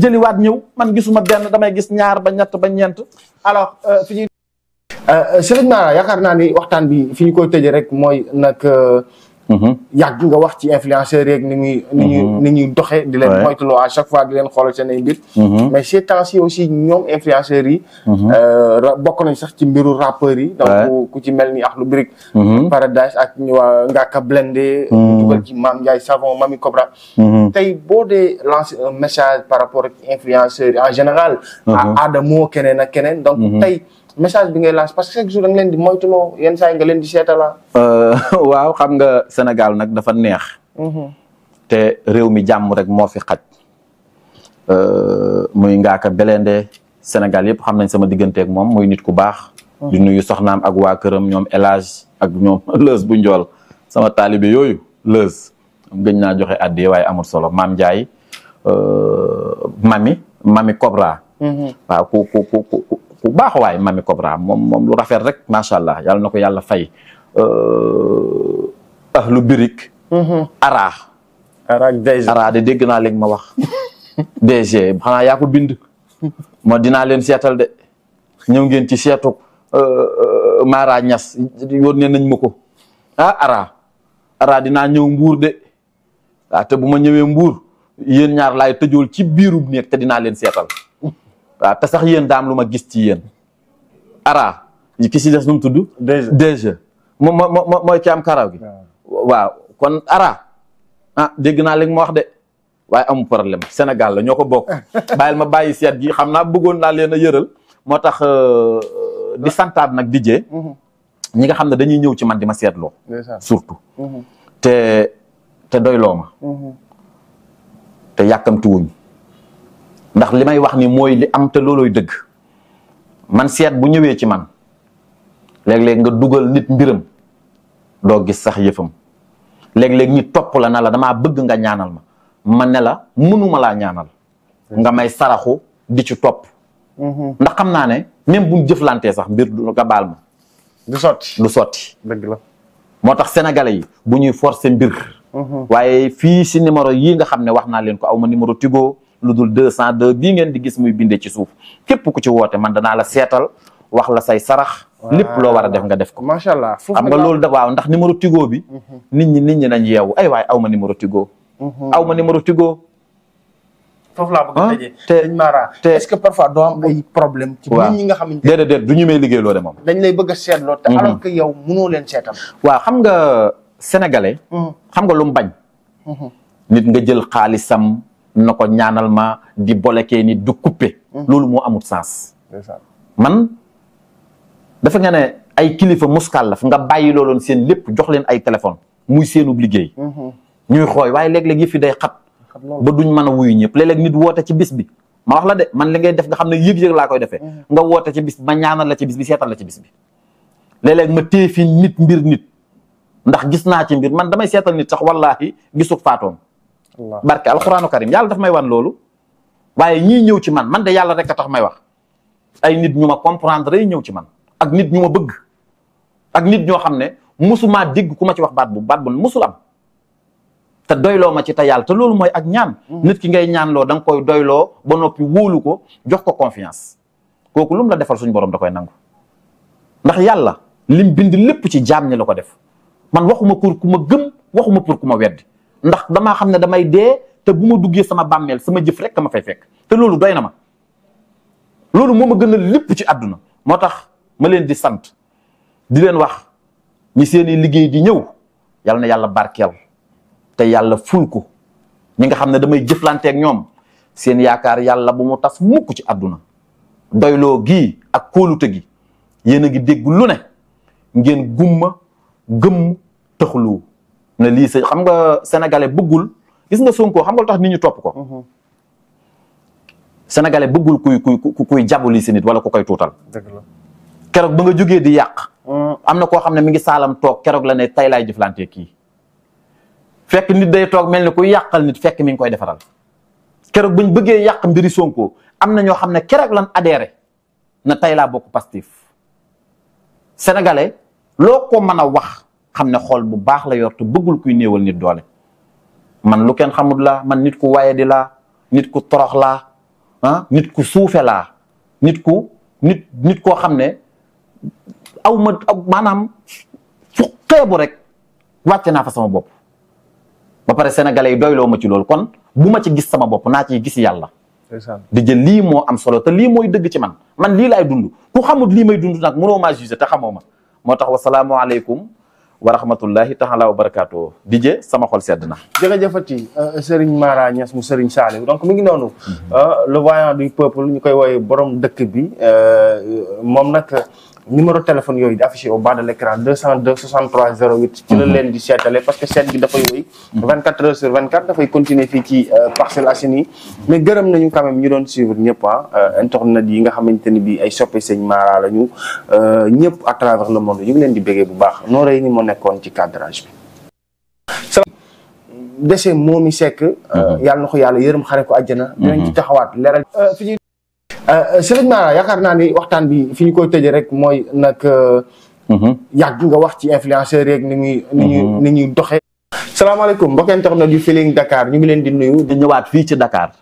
jëliwaat ñëw man gisuma benn damay gis ñaar ba ñett ba ñeent alors euh, fi ñuy. Euh, euh, Serigne Mara yaakaar naa ni waxtaan bi fi ñu koy tëjee rek mooy nag. Mm-hmm. yàgg nga wax ci influenceurs yeeg ni ñuy ni mm-hmm. ni ñuy doxee di leen moytuloo à chaque fois di leen xoolal seen ay mbir mm-hmm. mais ces temps-ci aussi ñoom influenceurs yi euh, bokk nañ sax ci mbiru rappeurs yi ku ci mel ni lu Brick Paradise ak waa Ngaaka Blindé ñu dugal ci Mame Ndiaye Savon Mami Cobra tey boo dee lancer un message par rapport ak influenceurs yi en général à Adamo keneen ak keneen donc tey message bi ngay lancé parce que chaque jour da nga leen di moytuloo yenn nga leen di la euh, waaw xam nga Sénégal nag dafa neex. Mhm. te réew mi jàmm rek moo fi xaj. Euh, muy Ngaaka Blindé Sénégal yëpp xam nañ sama digganteeg moom muy nit ku baax. Mhm. nuyu soxnaam ak waa këram ñoom élage Hadj ak ñoom Leuz bu jool sama taalibe yooyu Leuz gëñ naa joxe addi waaye amul solo maam Ndiaye mami euh, mami Cobra. Mhm. waaw ku ku ku ku baax waaye Mamy Cobra moom moom lu rafet rek macha allah yàlla na ko yàlla fay euh, ahlu birik. Mm-hmm. Ara. Ara ak de dégg naa léegi ma wax DG xanaa yaa bind. ma dinaa leen seetal de ñëw ngeen ci seetu euh, euh, Mara Niass yónnee nañ ma ko ah Ara Ara dinaa ñëw mbuur de ah te bu ma ñëwee mbuur yéen ñaar laay tëjool ci biiru néeg te dinaa leen seetal. waaw te sax yéen daam lu ma gis ci yéen ara ki si des nu mu tudd DG moom mooy ci am karaw gi waaw kon ara a ah, dégg naa li nga wax de waaye amu problème Sénégal la ñoo ko bokk bàyyil ma bàyyi seet gi xam naa bëggoon naa leen a yëral moo tax euh, di santaat nag di mm-hmm. ñi nga xam ne dañuy ñëw ci man di ma seetloo surtout mm-hmm. te te doyloo ma mm-hmm. te yàkkamti wuñ ndax li may wax ni mooy li am te loolooy dëgg man seet bu ñëwee ci man léeg-léeg nga dugal nit mbiram doo gis sax yëfam léeg-léeg ñi topp la na la damaa bëgg nga ñaanal ma ma ne la mënuma laa ñaanal nga may saraxu di ci topp mhm. ndax xam naa ne même buñ jëflantee sax mbir du nga baal ma du sotti du moo tax sénégalais yi bu ñuy forcer mbir mhm. waaye fii si numéro yii nga xam ne wax naa leen ko aw ma numéro Tigo lu dul deux cent deux ngeen di gis muy binde ci suuf képp ku ci woote man danaa la seetal wax la say sarax lépp loo war a def nga def ko macha allah xam nga loolu da waaw ndax numéro tigo bi mhm. nit ñi nit ñi nañ yeewu ay waay aw ma numéro tigo mhm. aw ma numéro tigo foofu laa a ah, tëjee te te est-ce que parfois doo ci nit ñi nga xamante ne déedéet déedéet du ñu liggéey loo moom dañ lay bëgg a seetloo te mhm. alors que yow mënoo leen seetal waaw xam nga sénégalais xam nga lu mu bañ nit nga jël xaalisam na ko ñaanal ma di bolekee ni du kuppe mhm. loolu moo amul saas man dafa nga ne ay kilifa la muskàllaf nga bàyyi looloon seen lépp jox leen ay téléphone muy seenub liggéey mhm. ñuy xooy waaye léeg-léeg yëf yi day xat ba duñ man a wuyu ñëpp léeg-léeg nit woote ci bis bi ma wax la de man li ngay def nga xam ne yëg-yëg laa koy defee mhm. nga woote ci bis bi ma ñaanal la ci bis bi seetal la ci bis bi léeg ma téye fi nit mbir nit ndax gis naa ci mbir man damay seetal nit sax wallaahi gisul barke alxuraanu karim yàlla daf may wan loolu waaye ñii ñëw ci man man de yàlla rek a tax may wax ay nit ñu ma comprendre yi ñëw ci man ak nit ñu ma bëgg ak nit ñoo xam ne musumaa dégg ku ma ci wax baat bu baat bu musul am te doyloo ma ci te yàlla te loolu mooy ak ñaan mm. nit ki ngay ñaan loo da nga koy doyloo ba noppi wóolu ko jox ko confiance kooku lu la defal suñu borom da koy nangu ndax yàlla lim bind lépp ci jaam ñi la ko def man waxuma pour ku ma gëm waxuma pour ku ma weddi ndax damaa xam ne damay dee te bu ma duggee sama bàmmeel sama jëf rek ma fay fekk te loolu doy na ma loolu moo ma gën a lépp ci adduna moo tax ma leen di sant di leen wax ñi seeni liggéey di ñëw yàlla na yàlla barkeel te yàlla ful ko ñi nga xam ne damay jëflanteeg ñoom seen yaakaar yàlla bu mu tas mukk ci àdduna doyloo gii ak kóolute gi yéen a ngi dégg lu ne ngeen gumma gëmm tëxlu na lii sa xam nga sénégalais bëggul gis nga Sonko xam nga lu tax nit ñu topp ko. Mhm. sénégalais bëggul kuy kuy kuy nit wala ko koy tuutal. dëgg la keroog ba nga jugee di yàq. Mhm. am na koo xam ne mi ngi saalam toog keroog la ne tay laay jëflante kii. fekk nit day toog mel ni ku yàqal nit fekk mi ngi koy defaral. keroog buñ bëggee yàq mbiri Sonko am na ñoo xam ne keroog lan adhéré na tay laa bokk Pastef sénégalais loo ko mën a wax. xam ne xool bu baax la yor te bëggul kuy néewal nit doole man lu kenn xamut laa man nit ku waaye di laa nit ku torox laa ah, nit ku suufe laa nit ku nit nit koo xam ne aw ma maanaam fu rek wàcce naa fa sama bopp ba pare sénégalais yi doyloo ma ci loolu kon bu ma ci gis sama bopp naa ciy gis yàlla di jël lii moo am solo te lii mooy dëgg ci man man lii laay dund ku xamul lii may dund nag mënoo maa jugé te xamoo ma moo tax wasalaamualeykum wa rahmatullahi taala wa barakaatu Dijé sama xol sedd na. jërëjëfati euh, Serigne Mara Niass mu Serigne Saliou donc mi ngi noonu. Mhm. Euh, le voyant du peuple ñu koy woowee borom dëkk bi euh, moom nag. numéro téléphone yooyu di affiché au bas de l' écran 202 63 08 ci la mhm. leen di seetale parce que seet bi dafay wéy 24 mhm. heures sur 24 dafay continuer fii ci euh, Parcelles Assainies mais gërëm nañu quand même ñu doon suivre ñëpp ah euh, internet yi nga xamante ni bi ay soppe sëñ Mara la ñu euh, à travers le monde ñu ngi leen di béggee bu baax noo rëy ni moo nekkoon ci cadrage bi dese moomi sekk mhm. yàlla na ko yàlla yërëm xare ko àjjana Euh, Serigne naa yaakaar naa ni waxtaan bi fi ñu koy tëjee rek mooy nag. Euh, mhm. yàgg nga wax ci influenceurs yeeg ni ñuy. ni ñuy mhm. ni ñuy doxee. salaamaaleykum mbokk internet yu Feeling Dakar ñu ngi leen di nuyu. di ñëwaat fii ci Dakar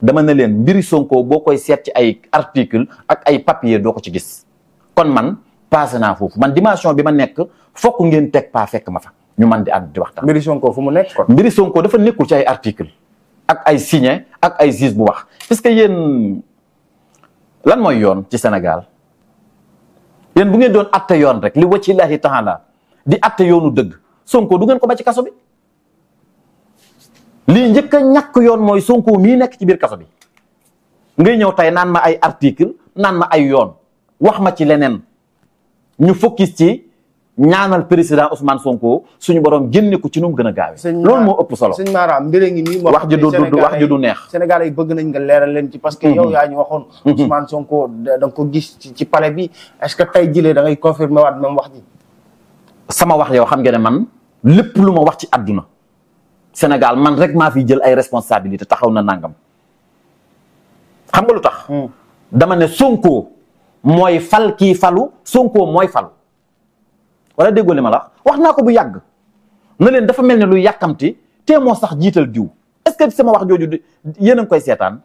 dama ne leen mbiri Sonko boo koy seet ci ay article ak ay papier doo ko ci gis kon man passé naa foofu man dimension bi ma nekk fokk ngeen teg pas fekk ma fa ñu man di ànd di waxtaan. mbiri Sonko fu mu nekk kon. mbiri dafa nekkul ci ay ak ay signé ak ay gis bu wax parce que yéen. lan mooy yoon ci Sénégal yéen bu ngeen doon atte yoon rek li wacci taxa taala di atte yoonu dëgg Sonko du ngeen ko ba ci kaso bi lii njëkk a ñàkk yoon mooy Sonko mii nekk ci biir kaso bi ngay ñëw tey naan ma ay article naan ma ay yoon wax ma ci leneen ñu focus ci ñaanal président Ousmane Sonko suñu borom génne ko ci nu mu gën a gaawee. loolu moo ëpp solo sëñ Mara mbir ngi nii. wax ji du du wax neex. Sénégalais yi bëgg nañ nga leeral leen ci parce que. Mhm. yow yaa ñu waxoon. Mhm. Ousmane Sonko da ko gis ci ci palais bi ce que tey jii da ngay confirmer waat même wax sama wax yow xam nga ne man lépp lu ma wax ci àdduna Sénégal man rek maa fi jël ay responsabilité taxaw na nangam xam nga lu tax. Hmm. dama ne Sonko mooy fal kii falu Sonko mooy falu. wala déggoo li ma la wax naa ko bu yàgg na leen dafa mel ne lu yàkkamti tee moo sax jiital diw est-ce que sama wax jooju yéen a ngi koy seetaan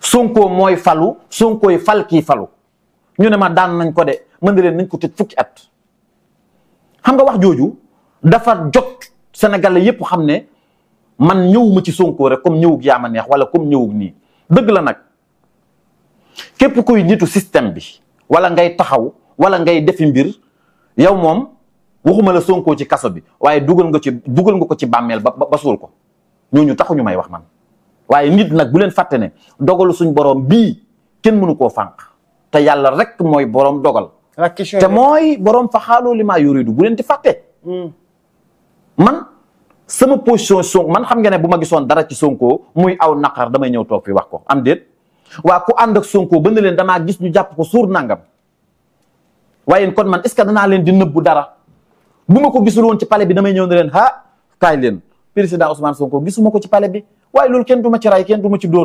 Sonko mooy falu Sonkooy fal kii falu ñu ne ma daan nañ ko de mën na leen nañ ko tëj fukki at xam nga wax jooju dafa jot Sénégalais yépp xam ne man ñëwuma ci Sonko rek comme ñëwug yaa ma neex wala comme ñëwug nii dëgg la nag képp kuy nitu système bi wala ngay taxaw wala ngay defi mbir yow moom waxuma la Sonko ci kaso bi waaye dugal nga ci dugal nga ko ci bàmmeel ba ba suul ko ñooñu taxuñu may wax man waaye nit nag bu leen fàtte ne dogalu suñ boroom bii kenn mënu koo fànq te yàlla rek mooy boroom dogal. te mooy borom fa xaaloo li maa yuridu bu leen di fatte hmm. man sama position Sonko man xam nga ne bu ma gisoon dara ci Sonko muy aw naqar damay ñëw toog fi wax ko am déet waa ku ànd ak Sonko ba ne leen damaa gis ñu jàpp ko suur nangam. waaye kon man est-ce naa leen di nëbbu dara bu ma ko gisul woon ci palais bi damay ñëw ne leen ah kaay leen président Ousmane Sonko gisuma ko ci palais bi waaye loolu kenn du ma ci ray kenn du ma ci dóor